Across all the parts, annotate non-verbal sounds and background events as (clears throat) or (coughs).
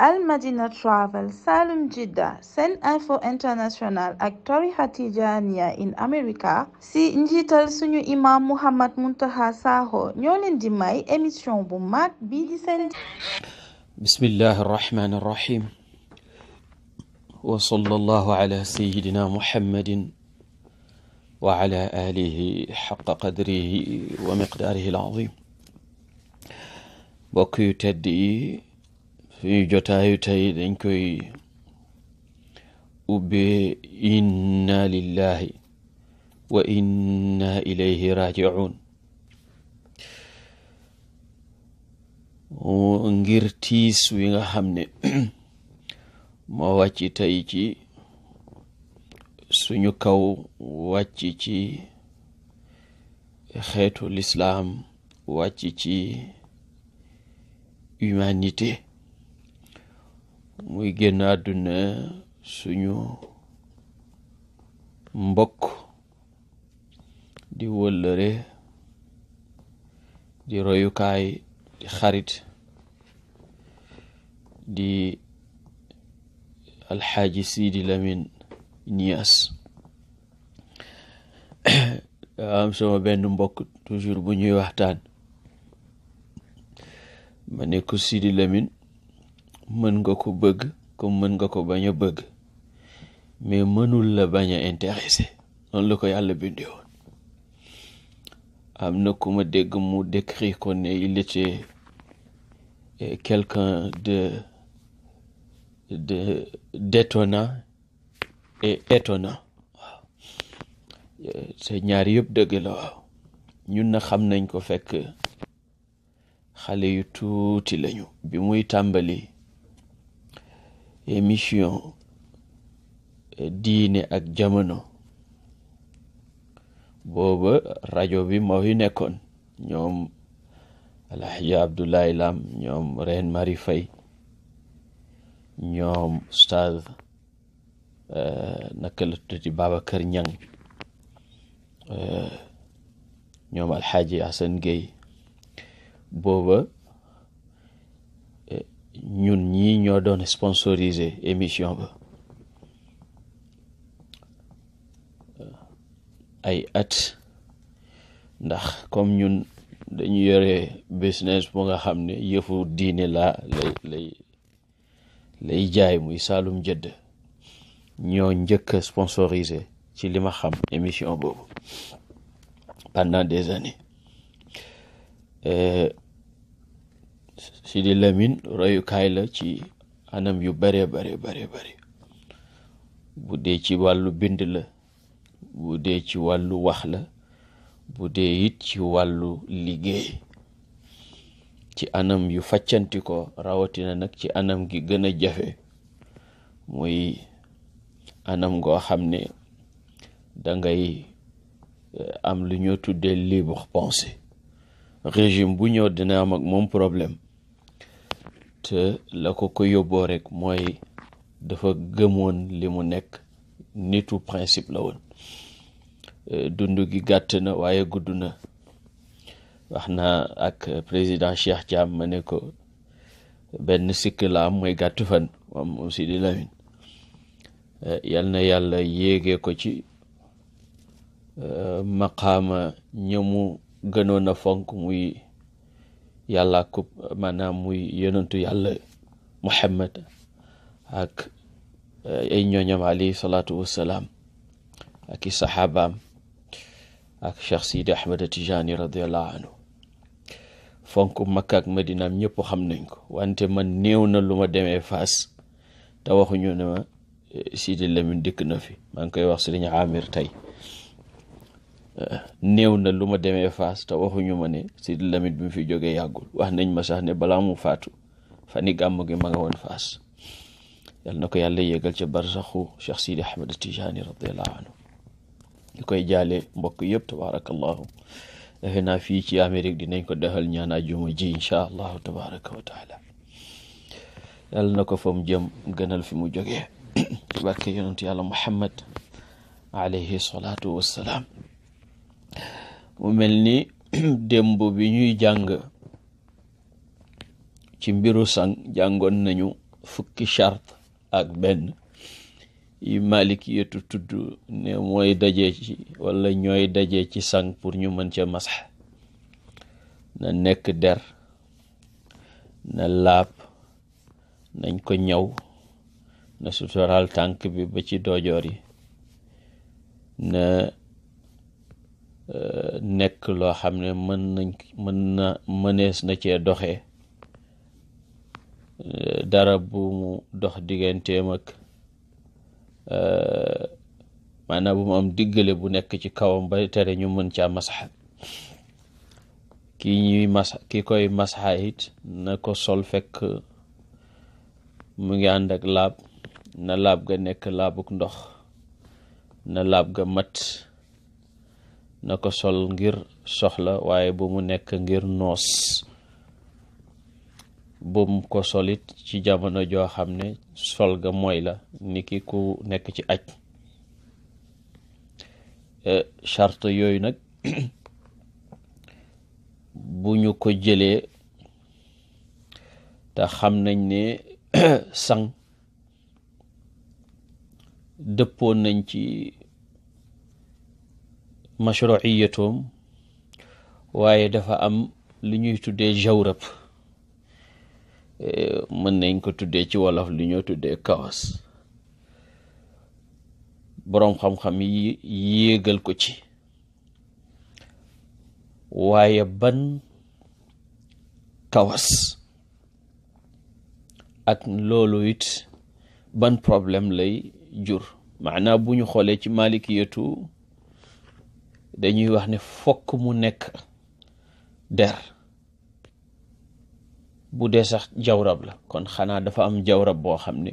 al madina travel salum jidda sen info international ak tarixa tijaniya in america si njiital suñu imam Mouhamed Muntaha Sakho ñoo leen di may émission bu mag bii di seen bismillahi arrahmani arrahim wa sallallahu ala sayidina muhammadin wa ala alihi xaqa qadrihi wa miqdaarihi alazim bokk yu tedd yi suñu jotaayu tey dañ koy ubbee inna lillahi wa inna ilayhi raji'un ngir tiis wi nga xam ne (clears throat) moo wàcc tey ci suñu kaw wàcc ci xeetu lislaam wàcc ci humanité muy génn àdduna suñu mbokk di wëllëre di royukaay di xarit di alxaaji siidi Lamin Niass (coughs) am sama benn mbokk toujours bu ñuy waxtaan ma ne siidi Sidi Lamin mën nga ko bëgg comme mën nga ko bañ a bëgg mais mënul la bañ a intéressé noonu la ko yàlla bindee woon am na ku dégg mu décrit ko ne il était eh, quelqu'un de de détonnant waaw eh, te ñaar yëpp dëgg la waaw ñun na xam nañ ko fekk xale yu tuuti lañu bi muy tàmbali émission diine ak jamono booba rajo bi maw fi nekkoon ñoom alhaji abdoulaye lam ñoom reen mari fay ñoom ustaz eh, naka la tuddati babacar ñang eh, ñoom alhaji hasan gueye booba ñun ñii ñoo doon sponsoriser émission ba euh, ay at ndax comme ñun dañu yore business bu nga xam ne yëfu diine la lay lay lay jaay muy Saalum jëdd ñoo njëkk a sponsorisé ci li xam émission boobu pendant des années. Euh, Sidi lamin royukaay la ci anam yu bare bare bare bu dee ci wàllu bind la bu dee ci wàllu wax la bu dee it ci wàllu liggéey ci anam yu faccanti ko rawatina nag ci anam gi gën a jafe muy anam goo xam ne dangay eh, am lu ñoo tuddee libre pensée régime bu ñëw dina am moom problème te la ko ko yóbboo rek mooy dafa gëmoon li mu nekk nitu principe la woon euh, dund gi gàtt na waaye gudd na wax naa ak président Cheikh am ma ne ko benn sikk la am mooy gàtt fan moom moom Sidi Lamine euh, yal na yàlla yéege ko ci euh, maqaama ñamu gënoon a fonk muy yàlla ko maanaam muy yonentu yàlla Muhammad ak eh, ay ñooñam alayhi salaatu wassalaam ak i saxaabaam ak Cheikh Sidi Ahmed Tijani radiallahu anhu fonk Makka ak Madinaam ñëpp xam nañ ko wante man néew na lu ma demee Faas te waxuñu ne ma la eh, Lamine dikk na fi maa ngi koy wax Sëriñ Amir tey néew na lu ma demee Fass te waxuñu ma ne Sidi Lamine bi fi joge yàggul wax nañ ma sax ne balaa mu faatu fani gàmm gi ma nga woon Fass yal na ko yàlla yéegal ci barsaxu Cheikh Sidi Ahmed Tijani radiallahu anhu ñu koy jale mbokk yëpp tabarakallahu defe naa fii ci Amérique dinañ ko defal ñaan àjjuma ji incha allahu tabaraka wa taala yàlla na ko fa mu jëm gënal fi mu jógee (coughs) ci barke yonent yàlla Muhammad alayhi salaatu wassalaam mu mel ni (clears throat) démb bi ñuy jàng ci mbiru sang jàngoon nañu fukki chart ak benn yi malik yetu tudd ne mooy daje ci wala ñooy daje ci sang pour ñu mën ca masax na nekk der na laab nañ ko ñaw na sutural tànk bi ba ci dojoor yi na nekk loo xam ne mën nañ mën na mënees na cee doxee euh, dara bu mu dox digganteem ak euh, maanaam bu mu am diggale bu nekk ci kawam ba tere ñu mën caa masaxa kii ñuy mas ki koy masaxa it na ko sol fekk mu ngi ànd ak laab na laab ga nekk laabuk ndox na laab ga mat na ko sol ngir soxla waaye bu mu nekk ngir noos bum ko solit ci jamono joo xam ne sol ga mooy la niki ku nekk ci aj e, charte yooyu nag (clears throat) bu ñu ko jëlee te xam nañ ne (clears throat) sang dëppoon nañ ci mashruciyatoom waaye dafa am lu ñuy tuddee jawrab eh, mën nañ ko tuddee ci wolof lu ñoo tuddee kawas boroom xam-xam yi yéegal ko ci waaye ban kawas ak loolu ban problème lay jur maanaa bu ñu xoolee ci maalikiyatu dañuy wax ne fokk mu nekk der bu dee sax jawrab la kon xanaa dafa am jawrab boo xam ne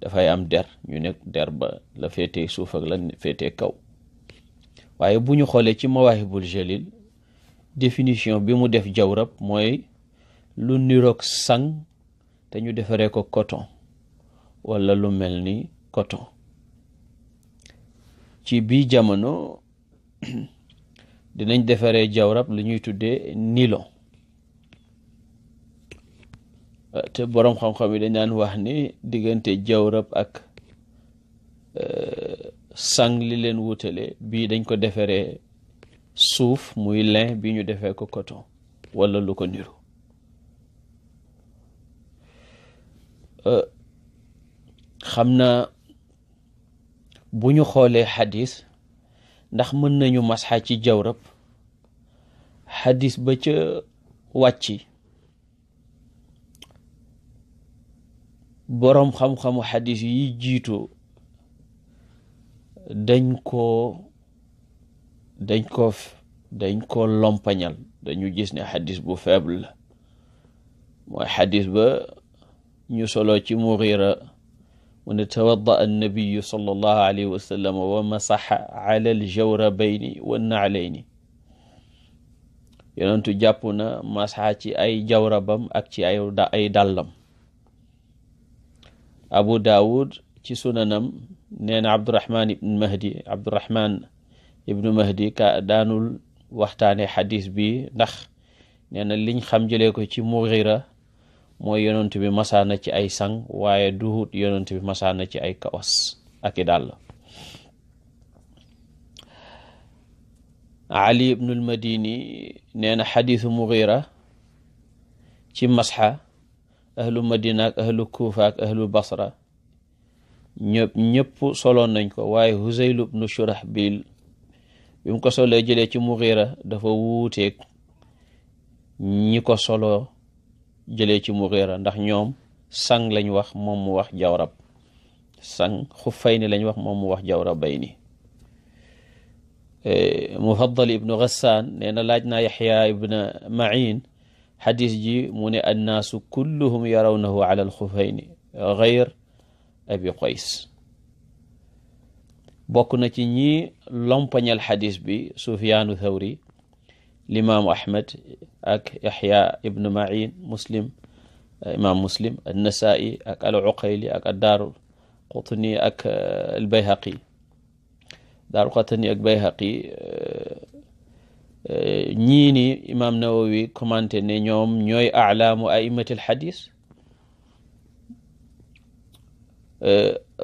dafay am der ñu nekk der ba la féetee suuf ak la féetee kaw waaye bu ñu xoolee ci mawaahibul jalil définition bi mu def jawrab mooy lu niroog sang te ñu defaree ko coton wala lu mel ni coton ci bii jamono (clears throat) dinañ defaree jawrab lu ñuy tuddee nilon euh, te boroom xam-xam yi dañ daan wax ni diggante jawrab ak euh, sang li leen wutale bii dañ ko defaree suuf muy lin bi ñu defee ko koton walla lu ko niru euh, xam na bu ñu xoolee xadis ndax mën nañu masxa ci jawrab xadis ba ca wàcci boroom xam-xamu xadis yi jiitoo dañ koo dañ koo dañ koo lompañal dañu gis ne xadis bu faible la mooy xadis ba ñu solo ci Mughira ونتوضأ النبي صلى الله عليه وسلم ومسح على الجوربين والنعلين yonentu jàpp na masaxa ci ay jawrabam ak ci ay ay dàllam abu daawud ci sunanam nee na ibnu mahdi ka daanul waxtaane xadis bi ndax nee na liñ xam jëlee ko ci mugira mooy yonent bi masaana ci ay sang waaye duhut yonent bi masaana ci ay kawas ak i dàll ali ibnul madini nee na mugira ci masxa ahlu madina ak ahlu kuufa ahlu basra ñëpp ñëpp soloon nañ ko waaye huzayl ibnu shurahbil bi mu ko solee jëlee ci mugira dafa wuuteeg ko soloo jëlee ci Mughira ndax ñoom sang lañ wax moom mu wax jawrab sang Xufayni lañ wax moom mu wax jawrabayni eh, Mufaddal ibnu Ghassan nee na laaj naa Yaxya ibna Ma'in xadis ji mu ne annaasu kulluhum yarawnahu ala alxufayni gayr abi qays bokk na ci ñi lompañal xadis bi Sufyaanu Thawri limaamu ahmad ak yahya ibnu ma'in muslim euh, imaam muslim annasaa'i ak al uqayli ak addaaru qutni ak euh, al bayhaqi daaru qutni ak bayhaqi euh, ñii ni imaam nawawi commenté ne ñoom ñooy alaamu aimati al xadis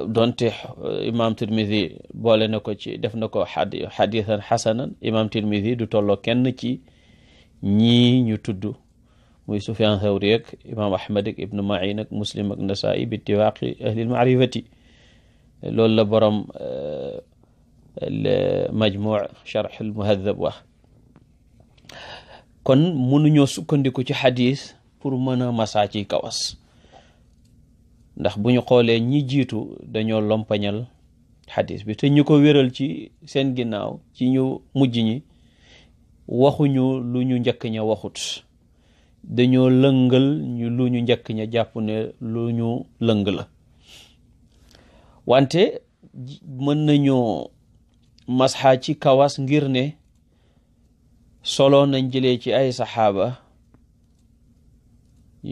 donte uh, imam tirmidi boole na ko ci def na ko xadi xadisan xasanan imam tirmidi du tolloo kenn ci ñii ñu tudd muy sufyan thawri ak imam ahmad ak ibnu main ak muslim ak nasai bi tiwaaqi ahlil maarifati loolu la borom uh, majmuu charx al muhadab wax kon mënuñoo sukkandiku ci xadis pour mën a masaa ci kawas ndax bu ñu xoolee ñi jiitu dañoo lompañal xadis bi te ñu ko wéral ci seen ginnaaw ci ñu mujj ñi waxuñu lu ñu njëkk ña waxut dañoo lëngal ñu lu ñu njëkk ña jàpp ne lu ñu lëng la wante mën nañoo masxa ci kawas ngir ne solo nañ jëlee ci ay saxaaba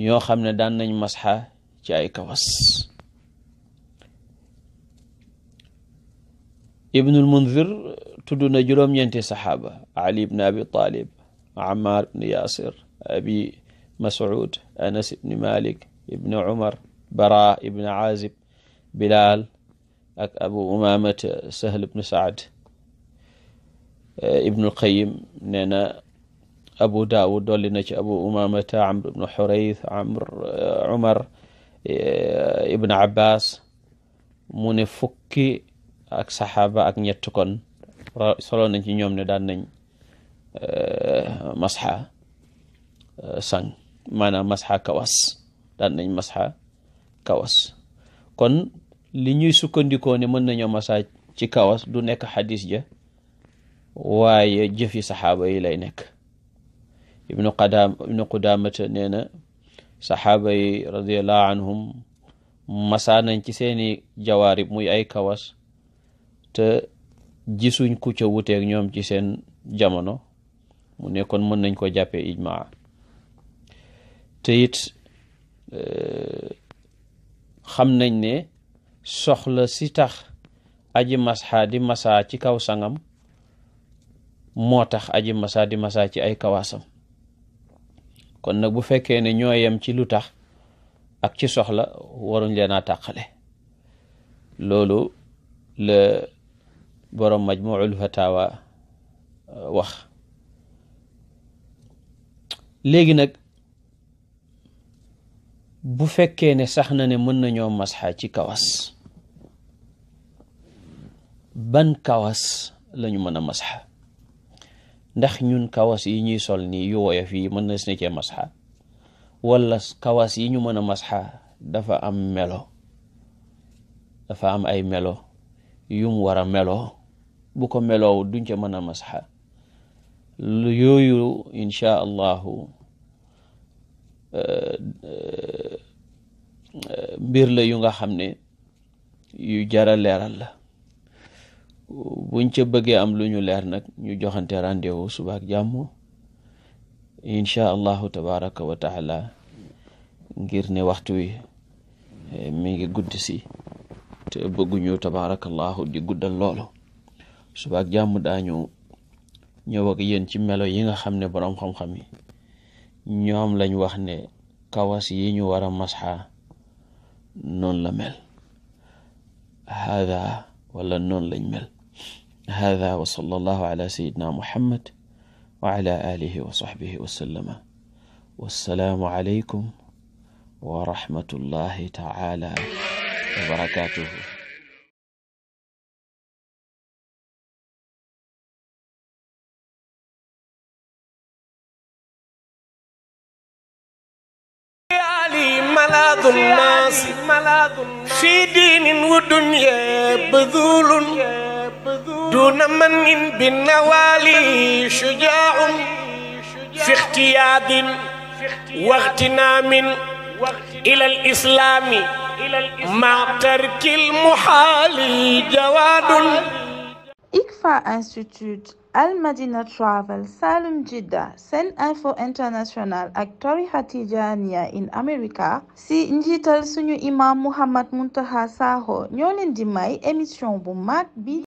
ñoo xam ne daan nañ masxa ci ay kawas ibnul mundir tudd na juróom-ñeenti saxaaba ali ibn abi talib ammar ibn yasir abi mas'ud anas ibn malik ibn umar bara ibn azib bilal abu umamat sahl ibn saad eh, ibnul qayim nee abu daawud dolli na ci abu umamata amr ibn xurayth amr eh, umar Eh, ibn abbas mu ne fukki ak saxaaba ak ñett kon solo nañ ci ñoom ne daan nañ eh, masxa eh, sang maanaam masxa kawas daan nañ masxa kawas kon li ñuy sukkandikoo ne mën nañoo masa ci kawas du nekk xadis ja waaye jëfi saxaaba yi lay nekk ibnu qadaam ibnu qudamata na saxaaba yi radiallahu anhum masaa nañ ci seeni jawaarib muy ay kawas te jisuñ ku ca wuteeg ñoom ci seen jamono mu nekkoon mën nañ ko jàppee ijmaa te it eh, xam nañ ne soxla si aji masxaa di masaa ci kaw sangam moo tax aji masaa di masaa ci ay kawaasam kon nag bu fekkee ne ñoo yem ci lu tax ak ci soxla waruñ leen a tàqale loolu la borom majmuul fatawa euh, wax léegi nag bu fekkee ne sax na ne mën nañoo masxa ci kawas ban kawas lañu mën a masxa ndax ñun kawas yi ñuy sol nii yu woyof yi mën na si ne cee masxa wala kawas yi ñu mën a masxa dafa am melo dafa am ay melo yum war a melo bu ko meloow duñ ca mën a masxa lu yooyu insha allahu euh, euh, mbir la yu nga xam ne yu jara leeral la buñ ca bëggee am lu ñu leer nag ñu joxante rendez-vous suba ak jàmm incha allahu tabaraka wa ngir ne waxtu wi eh, mi ngi gudd si te bëgguñu tabarakallahu di guddal loolu suba ak jàmm daañu ñëw ak yéen ci melo yi nga xam ne boroom xam-xam yi ñoom lañu wax ne kawas yi ñu war a masxa noonu la mel hada wala noonu lañ mel hada wa sallallahu ala sayyidina muhammad wa ala alihi wa sahbihi wa sallama wassalaamu aleykum wa rahmatullahi taala wa barakatuhu ملاذ الناس في دين ودنيا بذول دون من بالنوالي شجاع في اختياد واغتنام إلى الإسلام مع ترك المحال جواد ICFA Institute Al Madina Travel Salum Jidda Sen Info International ak tarixa Tijaaniya in America si njiital suñu imam Mouhammad Muntaqa Sakho ñoo di may émission bu mag bi